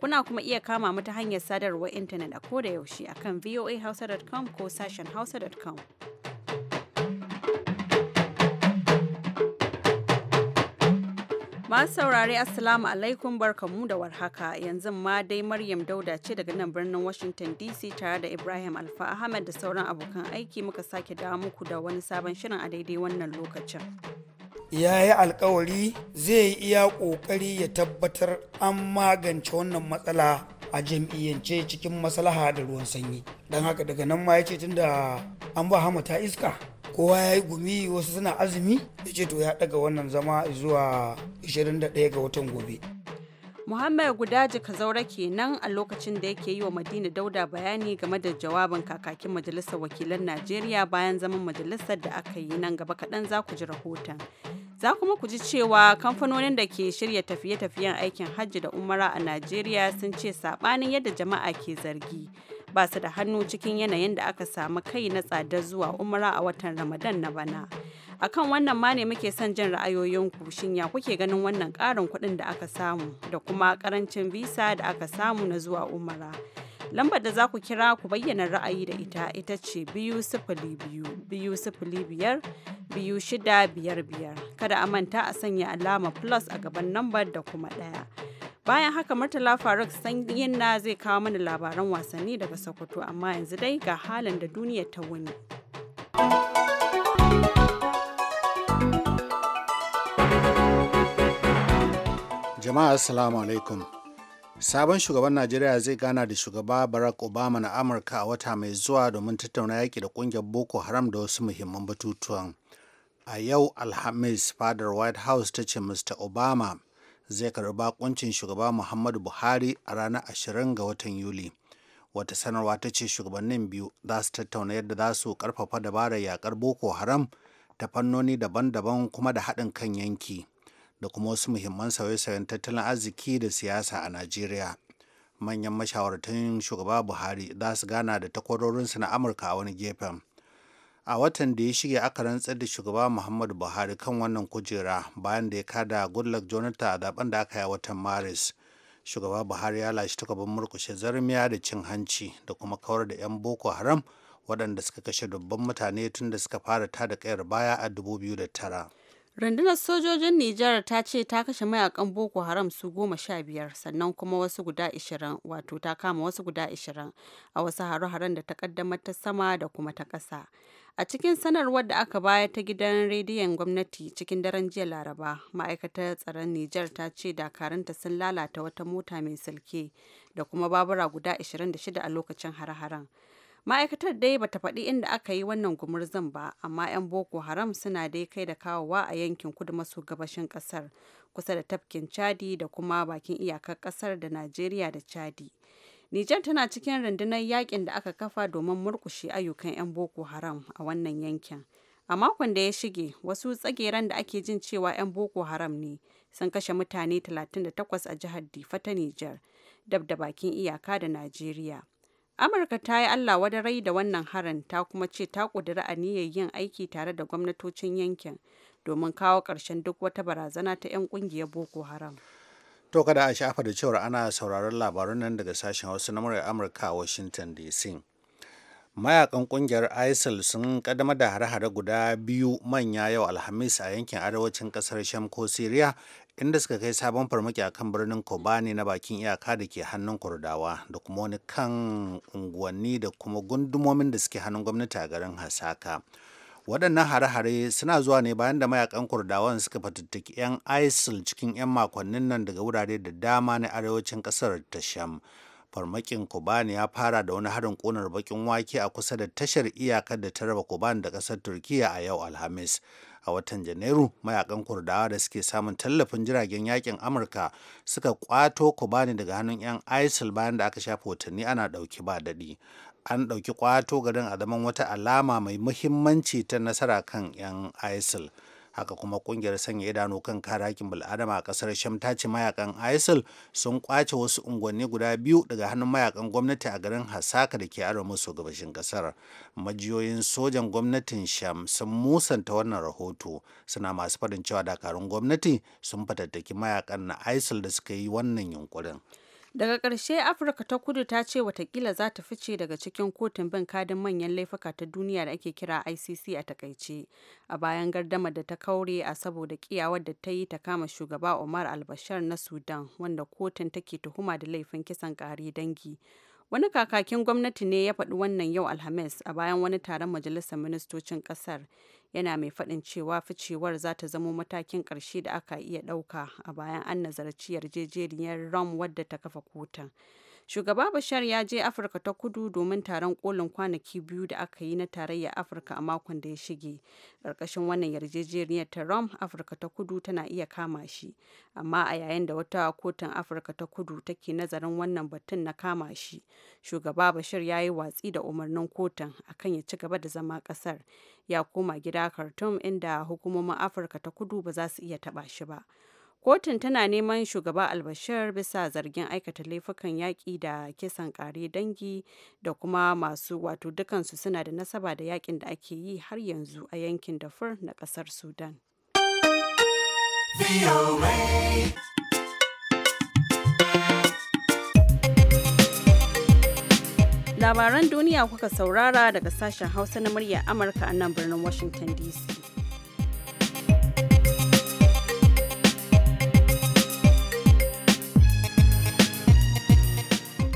Kuna kuma iya kama mu ta hanyar sadarwar intanet a koda yaushe akan voahausa.com ko sashen hausa.com. Masu saurare Assalamu alaikum barkamu da warhaka yanzu ma dai Maryam Dauda ce daga nan birnin Washington DC tare da Ibrahim Alfa Ahmed da sauran abokan aiki muka sake dawo muku da wani sabon shirin a daidai wannan lokacin. ya yi alkawari zai iya ƙoƙari ya tabbatar an magance wannan matsala a jam'iyyance cikin maslaha da ruwan sanyi don haka daga nan ma ya ce tun da an ba hama ta iska kowa ya yi gumi wasu suna azumi ya ce to ya daga wannan zama zuwa 21 ga watan gobe Muhammad Gudaji zaura kenan a lokacin da yake yi wa Madina Dauda bayani game da jawabin kakakin Majalisar Wakilan Najeriya bayan zaman majalisar da aka yi nan gaba kaɗan za ku ji rahoton. Za kuma ku ji cewa kamfanonin da ke shirya tafiye-tafiyen aikin hajji da umara a Najeriya sun ce saɓanin yadda jama'a ke zargi. Ba su da hannu cikin yanayin da aka samu kai na tsada zuwa umara a watan Ramadan na bana. akan wannan ma ne muke son jin ra'ayoyinku shin ya kuke ganin wannan ƙarin kuɗin da aka samu da kuma ƙarancin visa da aka samu na zuwa umara lambar da za ku kira ku bayyana ra'ayi da ita ita ce biyu sifili biyu biyu sifili biyar biyu shida biyar biyar kada a manta a sanya alama plus a gaban lambar da kuma ɗaya bayan haka murtala faruk sanyin na zai kawo mana labaran wasanni daga sokoto amma yanzu dai ga halin da duniya ta wuni. Jama'a Assalamu alaikum. Sabon shugaban Najeriya zai gana da shugaba Barack Obama na Amurka a wata mai zuwa domin tattauna yaƙi da ƙungiyar Boko Haram da wasu muhimman batutuwan. A yau Alhamis fadar White House ta ce Mr. Obama zai karɓi bakuncin shugaba Muhammadu Buhari a ranar 20 ga watan Yuli. Wata sanarwa ta ce shugabannin biyu za su tattauna yadda za su karfafa dabarar yakar Boko Haram ta fannoni daban-daban kuma da haɗin kan yanki. da kuma wasu muhimman sauye-sauyen tattalin arziki da siyasa a Najeriya. Manyan mashawartan shugaba Buhari za su gana da takwarorinsu na Amurka a wani gefen. A watan da ya shige aka rantsar da shugaba Muhammadu Buhari kan wannan kujera bayan da ya kada Goodluck Jonathan a zaben da aka yi watan Maris. Shugaba Buhari ya lashe takobin murkushe zarmiya da cin hanci da kuma kawar da 'yan Boko Haram waɗanda suka kashe dubban mutane tun da suka fara tada kayar baya a 2009. Rundunar sojojin Nijar ta ce ta kashe mayakan Boko Haram su goma sha biyar sannan kuma wasu guda ishirin wato ta kama wasu guda ishirin a wasu haru haren da ta kaddamar ta sama da kuma ta ƙasa. A cikin sanarwar da aka baya ta gidan rediyon gwamnati cikin daren jiya Laraba, ma'aikatar tsaron Nijar ta ce dakarunta sun lalata wata mota mai silke da kuma babura guda 26 a lokacin hare-haren. ma'aikatar dai bata faɗi inda aka yi wannan gumurzun ba amma 'yan boko haram suna dai kai da kawowa a yankin kudu maso gabashin ƙasar kusa da tafkin chadi da kuma bakin iyakar ƙasar da najeriya da chadi nijar tana cikin rundunar yakin da aka kafa domin murkushe ayyukan 'yan boko haram a wannan yankin a makon da ya shige wasu tsageran da ake jin cewa 'yan boko haram ne sun kashe mutane 38 a jihar difa ta nijar dab da bakin iyaka da najeriya Amurka ta yi Allah wadarai da wannan harin ta kuma ce ta ƙudiri aniyar yin aiki tare da gwamnatocin yankin domin kawo ƙarshen duk wata barazana ta 'yan ƙungiyar Boko Haram. To kada a shafa da cewar ana sauraron labarun nan daga sashen wasu na murar Amurka a Washington DC. Mayakan kungiyar ISIL sun kaddamar da hare-hare guda biyu manya yau Alhamis a yankin arewacin kasar Sham ko Siriya inda suka kai sabon farmaki a kan birnin kobani na bakin iyaka da ke hannun kurdawa da kuma wani kan unguwanni da kuma gundumomin da suke hannun gwamnati a garin hasaka waɗannan hare-hare suna zuwa ne bayan da mayakan kurdawan suka fatattaki 'yan isil cikin 'yan makonnin nan daga wurare da dama na arewacin ƙasar ta farmakin kuban ya fara da wani harin ƙunar bakin wake a kusa da tashar iyakar da ta raba kuban da ƙasar turkiya a yau alhamis a watan janairu mayakan kurdawa da suke samun tallafin jiragen yakin amurka suka kwato kuban daga hannun 'yan isil bayan da aka shafa watanni ana ɗauki ba daɗi an ɗauki kwato garin a zaman wata alama mai muhimmanci ta nasara kan 'yan isil haka kuma kungiyar sanya idanu kan kare hakkin bil'adama a kasar sham ta ce mayakan isil sun kwace wasu unguwanni guda biyu daga hannun mayakan gwamnati a garin hasaka da ke arewa maso gabashin kasar majiyoyin sojan gwamnatin sham sun musanta wannan rahoto suna masu faɗin cewa dakarun gwamnati sun fatattaki mayakan na isil da suka yi wannan yunkurin daga ƙarshe afirka ta kudu ta ce watakila za ta fice daga cikin kotun bin kadin manyan laifuka ta duniya da ake kira icc a takaice a bayan gardama da ta kaure a saboda kiyawar da ta yi ta kama shugaba omar albashar na sudan wanda kotun take tuhuma da laifin kisan kare dangi wani kakakin gwamnati ne ya faɗi wannan yau alhamis a bayan wani taron majalisar ministocin ƙasar yana mai faɗin cewa ficewar za ta zamo matakin ƙarshe da aka iya ɗauka a bayan an nazarci yarjejeniyar ram wadda ta kafa kotun. Shugaba Bashar ya je Afirka ta kudu domin taron kolin kwanaki biyu da aka yi na tarayya Afirka a makon da ya shige. Ƙarƙashin wannan yarjejeniyar ta Rom, Afirka ta kudu tana iya kama shi. Amma a yayin da wata kotun Afirka ta kudu take nazarin wannan batun na kama shi, shugaba bashar ya yi watsi da umarnin kotun akan ya ci gaba da zama ƙasar. Ya koma gida Khartoum inda hukumomin Afirka ta kudu ba za su iya taɓa shi ba. Kotun tana neman shugaba Albashir bisa zargin aikata laifukan yaƙi da kisan ƙare dangi da kuma masu wato dukansu suna da nasaba da yaƙin da ake yi har yanzu a yankin dafur na ƙasar Sudan. Labaran duniya kuka saurara daga sashen Hausa na murya Amurka a nan birnin Washington DC.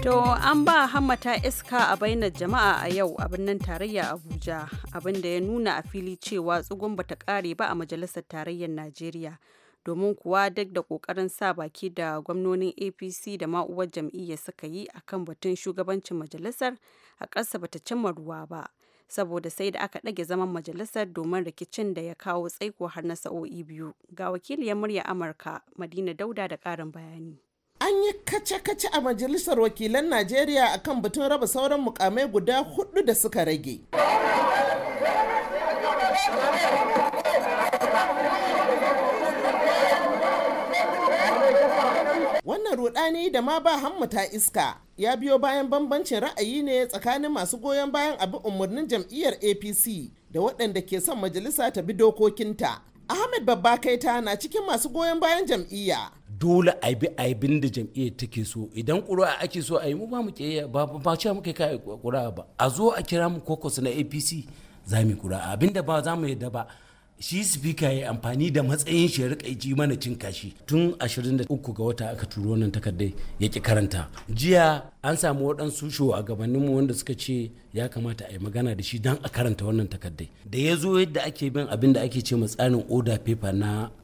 To an ba hammata iska a bainar jama'a a yau a birnin tarayya Abuja abin da ya nuna a fili cewa tsugun bata kare ba a majalisar tarayyar Najeriya domin kuwa duk da kokarin sa baki da gwamnonin APC da ma'uwar jam'iyyar suka yi akan batun shugabancin majalisar a ƙasa bata cimma ruwa ba saboda sai da aka ɗage zaman majalisar domin rikicin da ya kawo tsaiko har na sa'o'i biyu ga wakiliyar murya Amurka Madina Dauda da ƙarin bayani. an yi kace-kace a majalisar wakilan najeriya akan batun raba sauran mukamai guda hudu da suka rage wannan rudani da ma ba hammata iska ya biyo bayan bambancin ra'ayi ne tsakanin masu goyon bayan abin umarnin jam'iyyar apc da waɗanda ke son majalisa ta bi dokokinta Ahmed Babba Kaita na cikin masu goyon bayan jam'iyya. Dole a bi a bin da jam'iyyar take so idan ƙuri'a ake so a yi mu ba mu ke ba ba ce muka kai ƙuri'a ba a zo a kira mu kokos na APC za mu ƙuri'a abinda ba za mu yadda ba shi sifika ya amfani da matsayin shi ya rika mana cin kashi tun 23 ga wata aka turo wannan takardai ya ki karanta jiya an samu waɗansu gabaninmu wanda suka ce ya kamata a yi magana da shi don a karanta wannan takardai da ya zo yadda ake bin abin da ake ce tsarin oda paper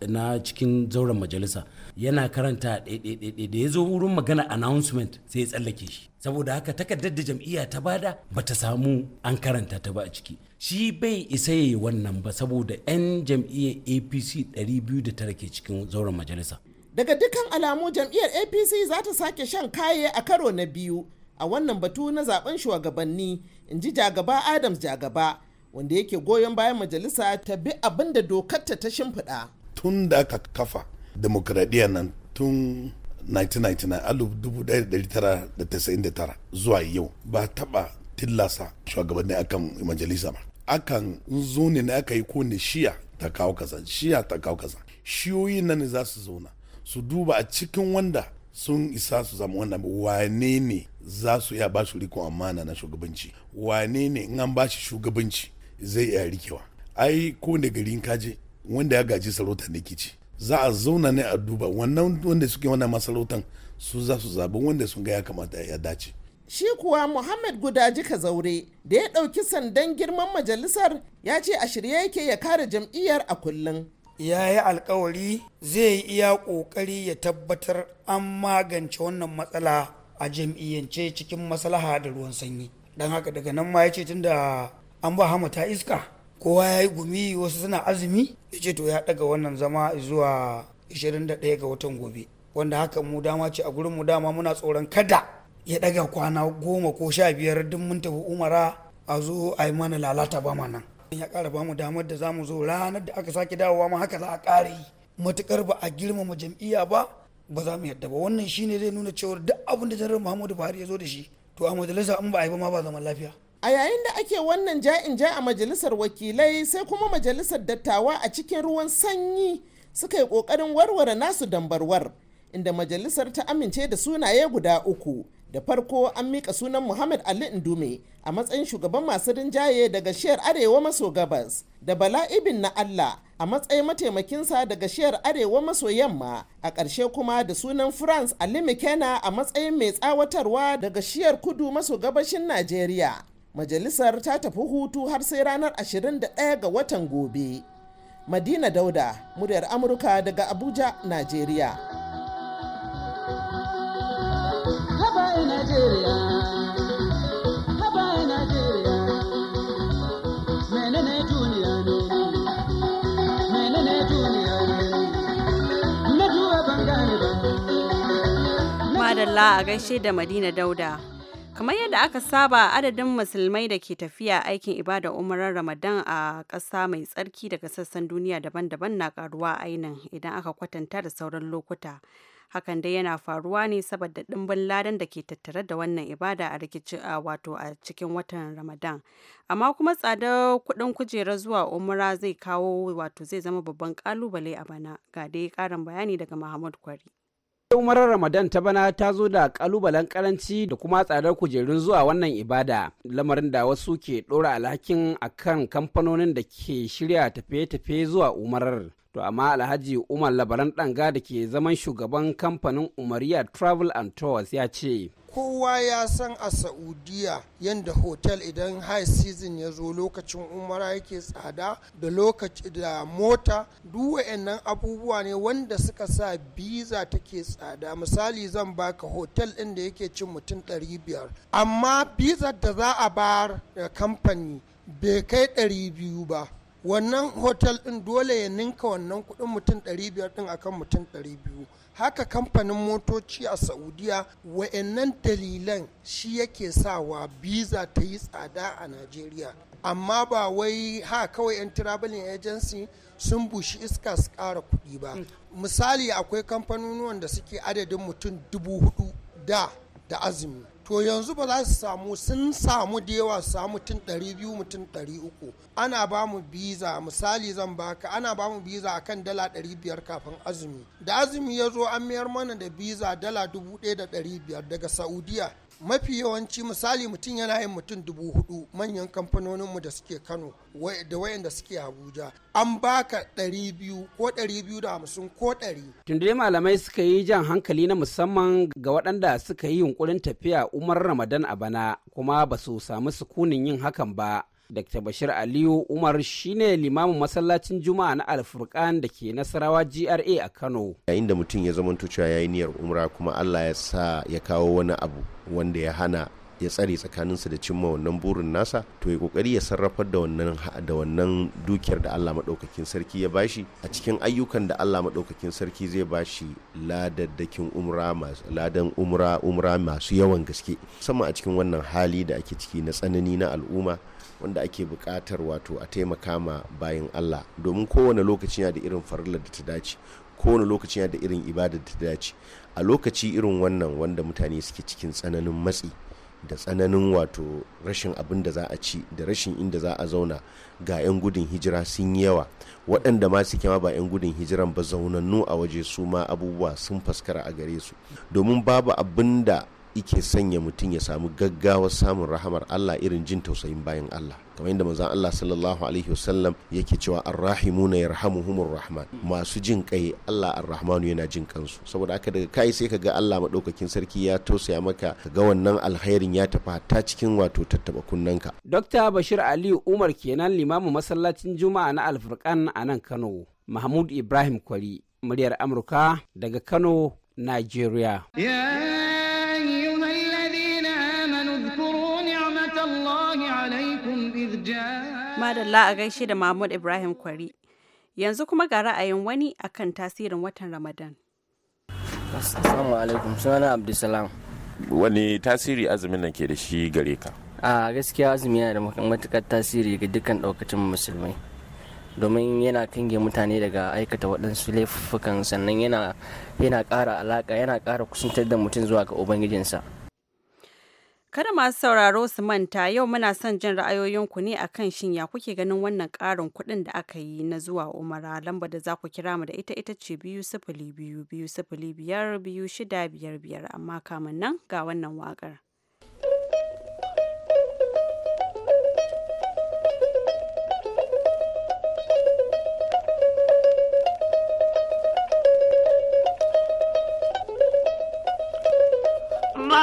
na cikin zauren majalisa yana karanta ɗaiɗaiɗaiɗai da ya zo wurin magana announcement sai ya tsallake shi saboda haka takardar da jam'iyya ta bada bata samu an karanta ta ba a ciki shi bai isa yayi wannan ba saboda 'yan jam'iyyar apc 209 ke cikin zauren majalisa daga dukkan alamu jam'iyyar apc za ta sake shan kaye a karo na biyu a wannan batu na zaben shugabanni in ji jagaba adams jagaba wanda yake goyon bayan majalisa ta bi abin da dokar ta shimfiɗa tun da aka kafa demokradiyya nan tun 1999 zuwa yau ba taba tillasa shugabanni akan majalisa ba akan zo ne na aka yi ko shiya ta kawo kaza shiya ta kawo kaza shiyoyi nan za su zauna su duba a cikin wanda sun isa su zama wannan wane ne za su iya ba su rikon amana na shugabanci wane ne in an ba shi shugabanci zai iya rikewa ai ko ne garin kaje wanda ya gaji sarauta ne ke ci za a zauna ne a duba wannan wanda suke wannan masarautan su za su zaɓi wanda sun ga ya kamata ya dace shi kuwa muhammad jika zaure da ya ɗauki sandan girman majalisar ya ce a shirye yake ya kare jam'iyyar a kullum ya yi alkawari zai iya ƙoƙari ya tabbatar an magance wannan matsala a jam'iyyance cikin maslaha da ruwan sanyi don haka daga nan ma ya ce tunda an ba ta iska kowa ya yi gumi wasu suna azumi ya ce to ya daga wannan zama zuwa 21 ga watan gobe wanda haka mu dama ce a gurin mu dama muna tsoron kada ya daga kwana goma ko sha biyar duk mun tafi umara a zo a yi mana lalata ba ma nan ya kara ba mu damar da za mu zo ranar da aka sake dawowa ma haka za a kare matukar ba a girmama jam'iyya ba ba za mu yadda ba wannan shine zai nuna cewa duk abin da jarar muhammadu buhari ya zo da shi to a majalisa in ba a yi ba ma ba zaman lafiya a yayin da ake wannan ja'in ja a majalisar wakilai sai kuma majalisar dattawa a cikin ruwan sanyi suka yi ƙoƙarin warware nasu dambarwar inda majalisar ta amince da sunaye guda uku da farko an mika sunan muhammad ali indume a matsayin shugaban masu rinjaye daga shiyar arewa maso gabas da bala ibin na allah a matsayin mataimakinsa daga shiyar arewa maso yamma a ƙarshe kuma da sunan france ali mckenna a matsayin mai tsawatarwa daga shiyar kudu maso gabashin najeriya majalisar ta tafi hutu har sai ranar 21 ga watan gobe madina dauda muryar amurka daga abuja nigeria Madalla a gaishe da Madina Dauda. kamar yadda aka saba adadin musulmai da ke tafiya aikin ibada umarar ramadan a ƙasa mai tsarki daga sassan duniya daban-daban na karuwa ainin idan aka kwatanta da sauran lokuta hakan dai yana faruwa ne saboda ɗimbin ladan da ke tattare da wannan ibada a rikici a wato a cikin watan ramadan amma kuma tsadar kuɗin kujera zuwa umra zai kawo wato zai zama babban ƙalubale a bana ga dai ƙarin bayani daga muhammad kwari umarar ramadan ta bana ta zo da kalubalen karanci da kuma tsadar kujerun zuwa wannan ibada lamarin da wasu ke dora alhakin akan kamfanonin da ke shirya tafiye-tafiye zuwa umarar to amma alhaji umar labaran ɗanga da ke zaman shugaban kamfanin umariya travel and tours ya ce kowa ya san a saudiya yadda hotel idan high season ya zo lokacin umara yake tsada da lokaci da mota duk wa'annan abubuwa ne wanda suka sa biza take tsada misali zan baka hotel ɗin da yake cin mutum 500 amma bizar da za a bayar da kamfani bai kai 200 ba wannan hotel din dole ya ninka wannan kuɗin mutum 500 din akan mutum 200 haka kamfanin motoci a saudiya wa'annan dalilan shi yake sawa biza ta yi tsada a najeriya amma ba wai ha kawai 'yan traveling agency sun bushi iska su kara kuɗi ba mm. misali akwai kamfanonuwan da suke adadin mutum dubu hudu da da azumi to yanzu ba za su samu sun samu da yawa su samu mutum 200 mutum 300 ana ba mu biza misali zan baka ana ba mu biza akan dala 500 kafin azumi da azumi ya zo an mayar mana da biza dala 1500 daga saudiya mafi yawanci misali mutum yana yin mutum dubu hudu manyan kamfanoninmu da suke kano da wayanda suke abuja an baka ɗari biyu ko ɗari biyu da hamsin ko ɗari. tunda malamai suka yi jan hankali na musamman ga waɗanda suka yi yunkurin tafiya umar ramadan a bana kuma ba su samu sukunin yin hakan ba Dr. Bashir Aliyu Umar shine limamin masallacin Juma'a na Alfurkan da ke Nasarawa GRA a Kano. Yayin da mutum ya zamanto cewa yayi niyyar umra kuma Allah ya sa ya kawo wani abu wanda ya hana ya tsare tsakaninsa da cimma wannan burin nasa to ya kokari ya sarrafar da wannan da wannan dukiyar da Allah madaukakin sarki ya bashi a cikin ayyukan da Allah madaukakin sarki zai bashi ladaddakin umra masu umra umra masu yawan gaske sama a cikin wannan hali da ake ciki na tsanani na al'umma wanda ake bukatar wato a taimaka ma bayan Allah domin kowane lokaci yana da irin farillar da ta dace kowane lokaci yana da irin ibada da ta dace a lokaci irin wannan wanda mutane suke cikin tsananin matsi da tsananin wato rashin abin da za a ci da rashin inda za a zauna ga 'yan gudun hijira sun yi yawa waɗanda ma suke ma ba 'yan gudun hijiran ba zaunannu a waje su ma abubuwa sun faskara a gare su domin babu abin da ike sanya mutum ya samu gaggawa samun rahamar Allah irin jin tausayin bayan Allah kamar yadda manzon Allah sallallahu alaihi wasallam yake cewa arrahimuna yarhamuhumur rahman masu jin kai Allah arrahmanu yana jin kansu saboda haka daga kai sai ka ga Allah madaukakin sarki ya tausaya maka ga wannan alkhairin ya tafi ta cikin wato tattaba kunnanka Dr. Bashir aliyu Umar kenan limamin masallacin Juma'a na alfurkan a nan Kano Mahmud Ibrahim Kwari muryar Amurka daga Kano Nigeria yeah. Madalla a gaishe da Mahmud Ibrahim Kwari. Yanzu kuma ga ra'ayin wani akan tasirin watan Ramadan. Assalamu alaikum sunana Abdulsalam. Wani tasiri azumin nan ke da shi gare ka? A gaskiya azumi yana da matukar tasiri ga dukkan daukacin musulmai. domin yana kange mutane daga aikata waɗansu laifukan sannan yana ƙara alaƙa yana ƙara kusantar da mutum zuwa ga ubangijinsa. Kada masu sauraro su manta yau muna son jin ra'ayoyinku ne akan shin ya kuke ganin wannan ƙarin kuɗin da aka yi na zuwa umara lamba da za ku kira mu da ita ita ce biyu sifili biyu biyu sifili biyar biyu shida biyar biyar amma kamun nan ga wannan waƙar.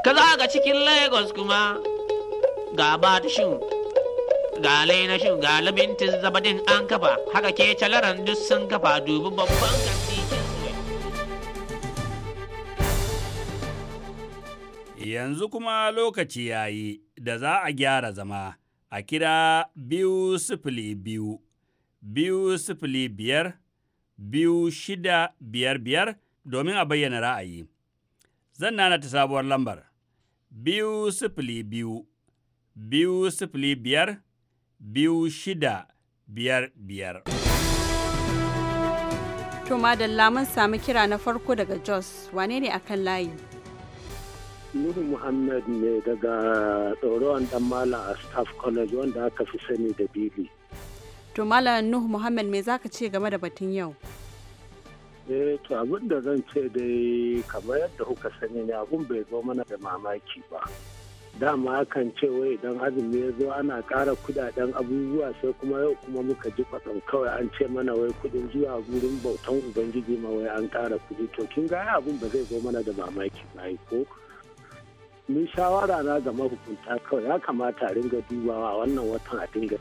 ka za ga cikin lagos kuma ga batishin ga lainashin ga labintin zabadin an kafa haka ke calaran duk sun kafa dubu babban yanzu kuma lokaci ya yi da za a gyara zama a kira biyu sifili biyu biyu sifili biyar biyu shida biyar biyar domin a bayyana ra'ayi zan nana ta sabuwar lambar biyu sifili biyu, biyu sifili biyar, biyu shida biyar biyar. To madalla mun sami kira na farko daga Jos, wane ne akan layi? Nuhu Muhammad ne daga tsoron dan Malam a Staff College wanda aka fi sani da bibi. To Malam Nuhu Muhammad me zaka ce game da batun yau? eh to abin da zan ce dai kamar yadda kuka sani ne abun bai zo mana da mamaki ba dama akan ce wai idan azumi ya zo ana kara kudaden abubuwa sai kuma yau kuma muka ji kwatsam kawai an ce mana wai kudin zuwa gurin bautan ubangiji ma wai an kara kudi to kin ga abun ba zai zo mana da mamaki ba ko ni shawara na ga mahukunta kawai ya kamata a ringa dubawa wannan watan a dinga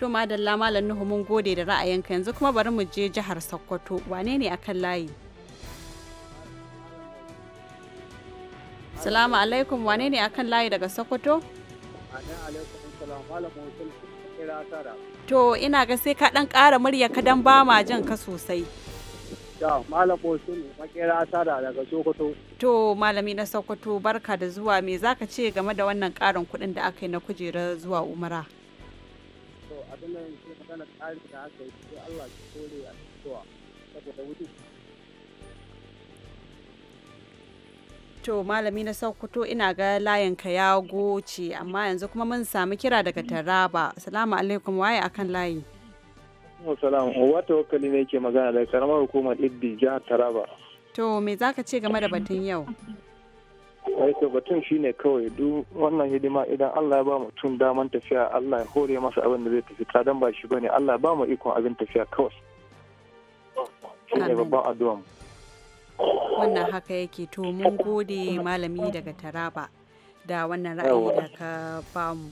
To madalla malam Nuhu mun gode da ra'ayinka yanzu kuma bari mu je jihar Sokoto wane ne akan layi? Salamu alaikum wane ne akan layi daga Sokoto? To ina ga sai ka dan kara murya ka dan ba ma jan ka sosai. To malami na Sokoto barka da zuwa me zaka ce game da wannan karin kudin da aka yi na kujera zuwa Umara? wannan shi magana da aka yi sai Allah ya kore a saboda wuce To malami na Sokoto ina ga ka ya goce amma yanzu kuma mun sami kira daga Taraba. Salamu alaikum waye akan layi. Assalamu wata wakali ne ke magana daga karamar hukumar Iddi jihar Taraba. To me zaka ce game da batun yau? wato batun shine kawai duk wannan hidima idan Allah ya ba mutum daman tafiya Allah ya hore masa abin da zai tafi ta dan ba shi bane Allah ya ba mu ikon abin tafiya kawai shine babban addu'a wannan haka yake to mun gode malami daga Taraba da wannan ra'ayi da ka bamu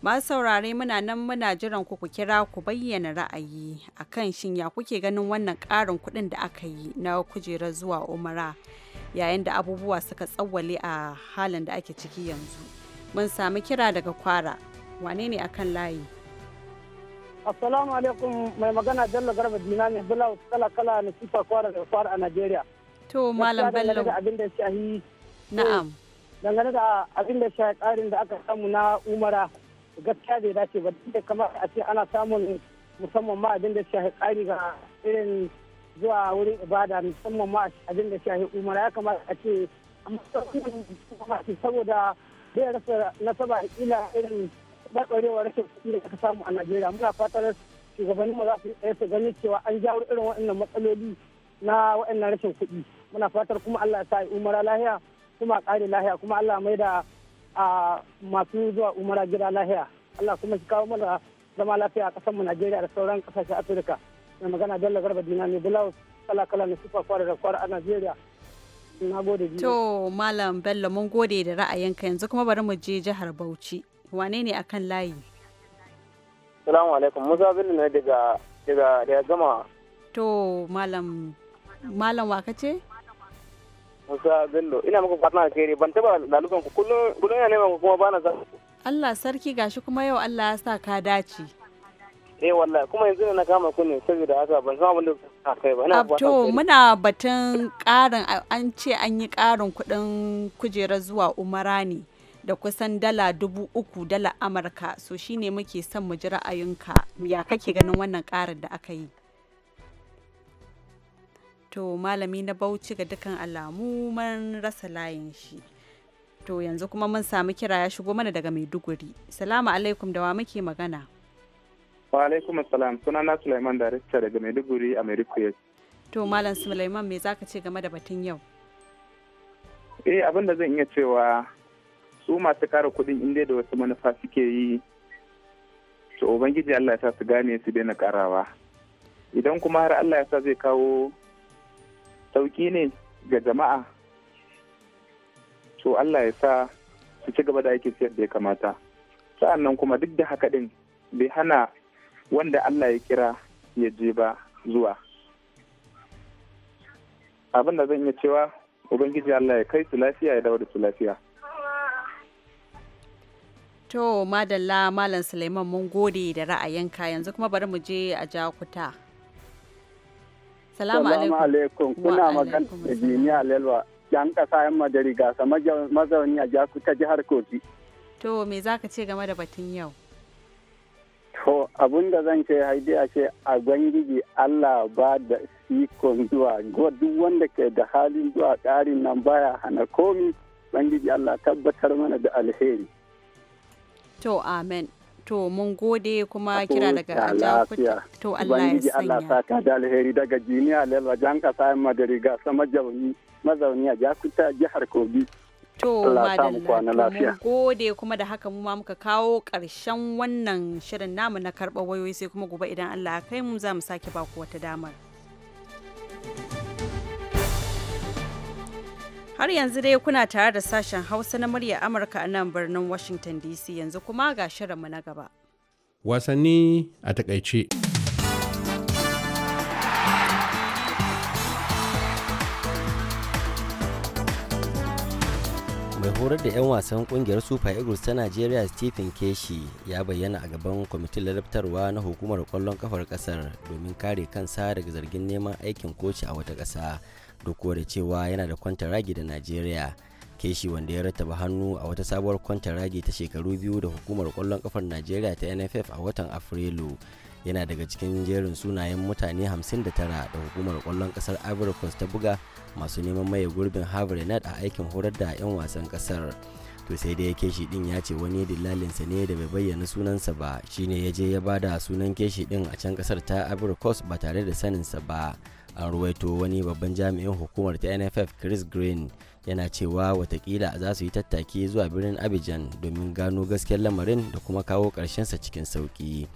masu saurare muna nan muna jiran ku ku kira ku bayyana ra'ayi akan shin ya kuke ganin wannan karin kuɗin da aka yi na kujerar zuwa umara yayin da abubuwa suka tsawwale a halin da ake ciki yanzu mun sami kira daga kwara wane ne akan layi assalamu alaikum mai magana Jalla garba dina ne bula kala kala na sifa kwara da kwara a najeriya to malam bello na'am eh, dangane da abin da shahi tsarin da aka samu na umara gaskiya bai dace ba kamar a ce ana samun musamman ma abin da shahi tsari ga irin zuwa wurin ibada musamman ma abin da shahi umara ya kamata a ce saboda zai rasa nasaba ila irin barbarewar rashin kuɗi da aka samu a najeriya muna fatar shugabanni ma za su su ganin cewa an jawo irin waɗannan matsaloli na waɗannan rashin kuɗi muna fatar kuma allah ya sa umara lahiya kuma ƙare lahiya kuma allah mai da masu zuwa umara gida lahiya allah kuma shi kawo mana zama lafiya a ƙasar mu najeriya da sauran ƙasashen afirka na magana Bello Garba Dina ne Bulawus kala-kala na sufa kwara da kwara a nigeria Na gode biyu. To Malam Bello mun gode da ra'ayinka yanzu kuma bari mu je jihar Bauchi. Wane ne akan layi? Salamu alaikum Musa Bello ne daga daga daga gama. To Malam Malam wa kace? Musa Bello ina muku fatan kere ban taba lalukan ku kullum kullum nema neman kuma bana za Allah sarki gashi kuma yau Allah ya sa ka dace. eh kuma yanzu na kama kunne saboda haka ban san abin da kai ba ina muna batun karin an ce an yi karin kuɗin kujera zuwa umara ne da kusan dala dubu uku dala amurka so shine muke son mu ji ra'ayinka ya kake ganin wannan karin da aka yi to malami na bauchi ga dukkan alamu mun rasa layin shi to yanzu kuma mun sami kira ya shigo mana daga maiduguri salamu alaikum da wa muke magana Wa alaikum suna na Sulaiman Darekta daga Maiduguri a Maiduguri. To Malam Sulaiman me za ka ce game da batun yau? Eh abin da zan iya cewa su masu kara kudin inda da wasu manufa suke yi to Ubangiji Allah ya sa su gane su daina karawa. Idan kuma har Allah ya sa zai kawo sauki ne ga jama'a to Allah ya sa su ci gaba da aikin siyar da ya kamata. Sa'an nan kuma duk da haka din bai hana wanda Allah ya kira ya je ba zuwa abin da zan iya cewa ubangiji Allah ya kai su lafiya ya dawo da su lafiya to madalla malam suleiman mun gode da ra'ayinka yanzu kuma bari mu je a jakuta salamu alaikum kuna magana da jiniya lelwa yan kasa yan madari gasa mazauni a jakuta jihar kogi to me za ka ce game da batun yau To abin da zan ce haidi a ce a gwangiji Allah ba da sikon zuwa duk wanda ke da halin zuwa ƙarin nan baya hana komi bangiji Allah tabbatar mana da alheri. To amen. To mun gode kuma kira daga Ajakuta. To Allah ya sanya. Allah sa ta da alheri daga Jiniya kasa yin madari ga sama mazauni a Jakuta jihar Kogi. To gode kuma da haka mu ma muka kawo ƙarshen wannan shirin namu na karɓar wayoyi sai kuma gobe idan Allah ya kai mu za mu sake baku wata damar. Har yanzu dai kuna tare da sashen Hausa na murya Amurka a nan birnin Washington DC yanzu kuma ga shirinmu na gaba. Wasanni a takaice. horar da 'yan wasan kungiyar super eagles ta nigeria stephen keshi ya bayyana a gaban kwamitin ladabtarwa na hukumar kwallon kafar kasar domin kare kansa daga zargin neman aikin koci a wata kasa duk da cewa yana da kwanta kwantaragi da nigeria keshi wanda ya rattaba hannu a wata sabuwar kwanta kwantaragi ta shekaru biyu da hukumar kwallon kafar nigeria ta nff a watan afrilu yana daga cikin jerin sunayen mutane 59 da hukumar kwallon kasar ivory coast ta buga masu neman maye gurbin harvard net a aikin horar da 'yan wasan kasar to sai dai keshi din ya ce wani dillalinsa ne da bai bayyana sunansa ba shine ya je ya bada sunan keshi din a can kasar ta ivory coast ba tare da saninsa ba an ruwaito wani babban jami'in hukumar ta nff chris green yana cewa watakila za su yi tattaki zuwa birnin abidjan domin gano gaskiyar lamarin da kuma kawo ƙarshensa cikin sauki.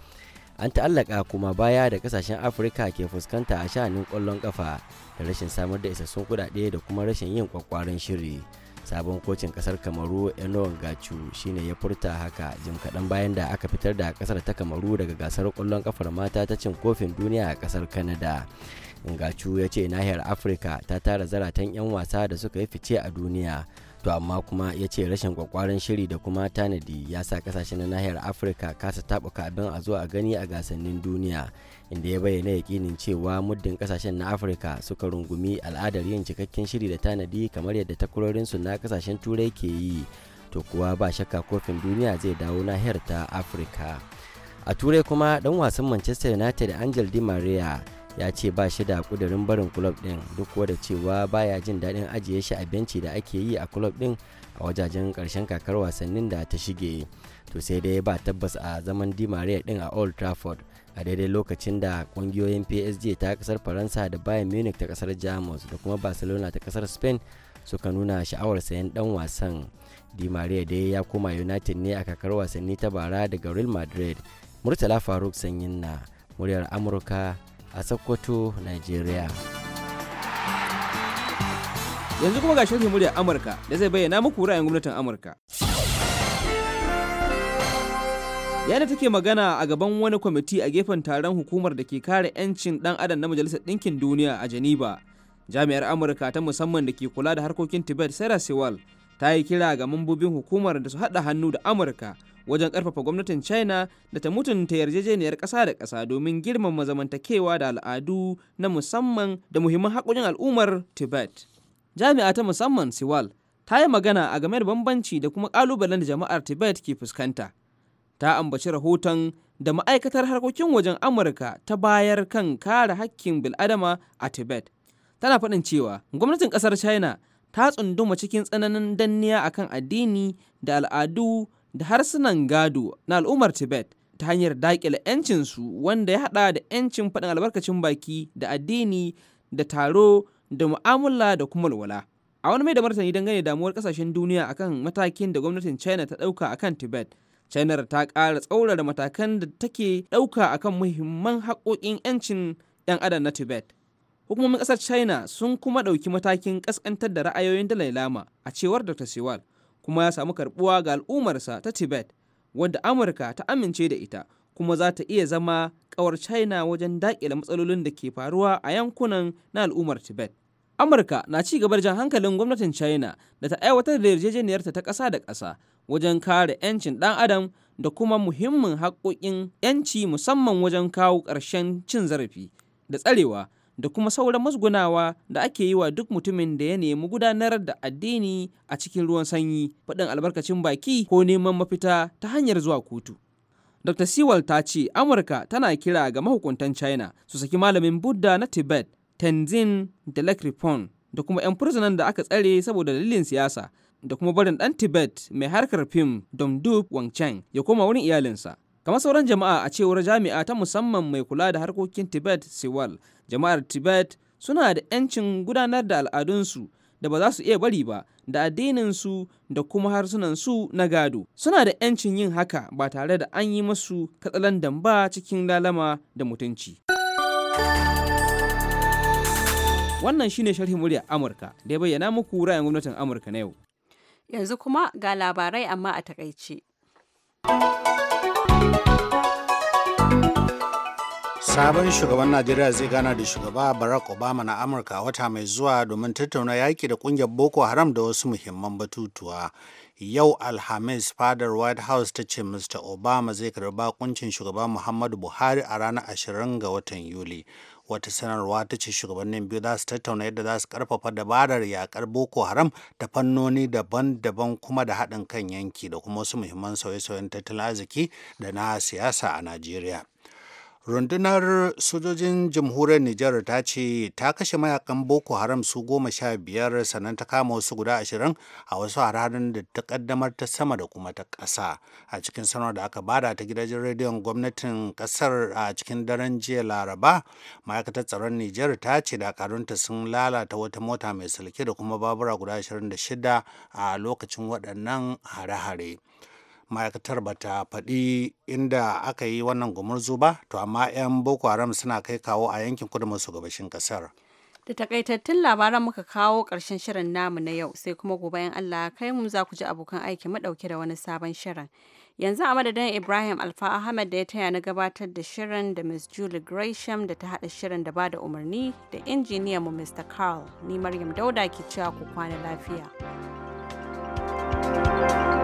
an ta'allaka kuma baya da kasashen afirka ke fuskanta a sha'anin kwallon kafa da rashin samar da isassun kudade da kuma rashin yin kwakwaran shiri sabon kocin kasar kamaru enon gachu shine ya furta haka jim kaɗan bayan da aka fitar da kasar ta kamaru daga gasar kwallon kafar mata ta cin kofin duniya a kasar Kanada. ngachu ya ce nahiyar afirka ta tara zaratan 'yan wasa da suka yi fice a duniya to amma kuma ya ce rashin kwakwaran shiri da kuma tanadi ya sa kasashen na nahiyar afirka kasa tabuka abin a zo a gani a gasannin duniya inda ya bayyana yakinin cewa muddin kasashen na afirka suka rungumi al'adar yin cikakken shiri da tanadi kamar yadda su na kasashen turai ke yi to kuwa ba shakka kofin duniya zai dawo nahiyar ta afirka a turai kuma dan wasan manchester united angel di maria ya ce ba shi da kudurin barin kulob din duk da cewa baya jin daɗin ajiye shi a benci da ake yi a kulob din a wajajen ƙarshen kakar wasannin da ta shige to sai dai ba tabbas a zaman di maria din a old trafford a daidai lokacin da ƙungiyoyin psg ta kasar faransa da bayern munich ta kasar jamus da kuma barcelona ta ƙasar spain suka nuna sha'awar sayan ɗan wasan di maria dai ya koma united ne a kakar wasanni ta bara daga real madrid murtala faruk sanyin na muryar amurka a Sokoto, Nigeria. Yanzu kuma ga shirin muryar Amurka da zai bayyana muku ra'ayin gwamnatin Amurka. Yana take magana a gaban wani kwamiti a gefen taron hukumar da ke kare 'yancin ɗan adam na Majalisar Ɗinkin Duniya a janiba Jami'ar Amurka ta musamman da ke kula da harkokin Tibet Sarah Sewal ta yi kira ga mambobin hukumar da su haɗa hannu da Amurka wajen ƙarfafa gwamnatin china da ta mutunta yarjejeniyar ƙasa da ƙasa domin girmama zamantakewa da al'adu na musamman da muhimman haƙoƙin al'ummar tibet jami'a ta musamman siwal ta yi magana a game da bambanci da kuma ƙalubalen da jama'ar tibet ke fuskanta ta ambaci rahoton da ma'aikatar harkokin wajen amurka ta bayar kan kare hakkin bil'adama a tibet tana faɗin cewa gwamnatin ƙasar china ta tsunduma cikin tsananin danniya akan addini da al'adu da harsunan gado na al'ummar tibet ta hanyar daƙile 'yancinsu wanda ya haɗa da 'yancin faɗin albarkacin baki da addini da taro da mu'amala da kuma walwala a wani mai da martani dangane damuwar kasashen duniya akan matakin da gwamnatin china ta ɗauka akan tibet china ta ƙara tsaurara matakan da take ɗauka akan muhimman haƙoƙin 'yancin 'yan adam na tibet hukumomin ƙasar china sun kuma ɗauki matakin ƙasƙantar da ra'ayoyin dalai lama a cewar dr sewal kuma ya samu karbuwa ga al'ummarsa ta tibet wadda amurka ta amince da ita kuma za ta iya zama kawar china wajen daƙile matsalolin da ke faruwa a yankunan na al'ummar tibet amurka na ci gabar jan hankalin gwamnatin china da ta aiwatar da yarjejeniyarta ta ƙasa da ƙasa wajen kare 'yancin ɗan adam da kuma muhimmin haƙoƙin 'yanci musamman wajen kawo ƙarshen cin zarafi da tsarewa da kuma sauran musgunawa da ake yi wa duk mutumin da ya nemi gudanar da addini a cikin ruwan sanyi faɗin albarkacin baki ko neman mafita ta hanyar zuwa kotu. Dr. siwal ta ce Amurka tana kira ga mahukuntan China su saki malamin Buddha na Tibet, Tenzin da Lekripon da kuma 'yan fursunan da aka tsare saboda dalilin siyasa da kuma barin ɗan Tibet mai harkar fim Domduk Wangchang ya koma wurin iyalinsa. kamar sauran jama'a a cewar jami'a ta musamman mai kula da harkokin tibet sewal jama'ar tibet suna da 'yancin gudanar da al'adunsu da ba za su iya bari ba da addininsu da kuma harsunansu na gado suna da 'yancin yin haka ba tare da an yi masu katsalandan ba cikin lalama da mutunci wannan shine sharhin murya amurka da ya bayyana muku ra'ayin gwamnatin amurka na yau yanzu kuma ga labarai amma a takaice Sabon shugaban Najeriya zai gana da shugaba Barack Obama na Amurka wata mai zuwa domin tattauna yaki da ƙungiyar Boko Haram da wasu muhimman batutuwa. Yau Alhamis fadar White House ta ce Mr. Obama zai karbi bakuncin shugaba Muhammadu Buhari a ranar 20 ga watan Yuli. Wata sanarwa ta ce shugabannin biyu za su tattauna yadda za su karfafa dabarar yakar Boko Haram ta fannoni daban-daban kuma da haɗin kan yanki da kuma wasu muhimman sauye-sauyen tattalin arziki da na siyasa a Najeriya. rundunar sojojin jamhuriyar nijar ta ce ta kashe mayakan boko haram su goma sha biyar sannan ta kama wasu guda ashirin a wasu hararen da ta kaddamar ta sama da kuma ta ƙasa a cikin sanar da aka bada ta gidajen rediyon gwamnatin ƙasar a cikin daren jiya laraba ma'aikatar tsaron nijar ta ce dakarunta sun lalata wata mota mai sulke da kuma babura guda ashirin da shida a lokacin waɗannan hare-hare. ma'aikatar ba ta faɗi inda aka yi wannan gumurzu ba to amma 'yan boko haram suna kai kawo a yankin kudu maso gabashin kasar da takaitattun labaran muka kawo ƙarshen shirin namu na yau sai kuma gobe in allah kai mu za ku ji abokan aiki ɗauke da wani sabon shirin yanzu a madadin ibrahim alfa ahmad da ya taya na gabatar da shirin da miss julie gresham da ta haɗa shirin da ba da umarni da injiniyan mu mr carl ni maryam dauda ke cewa ku kwana lafiya thank you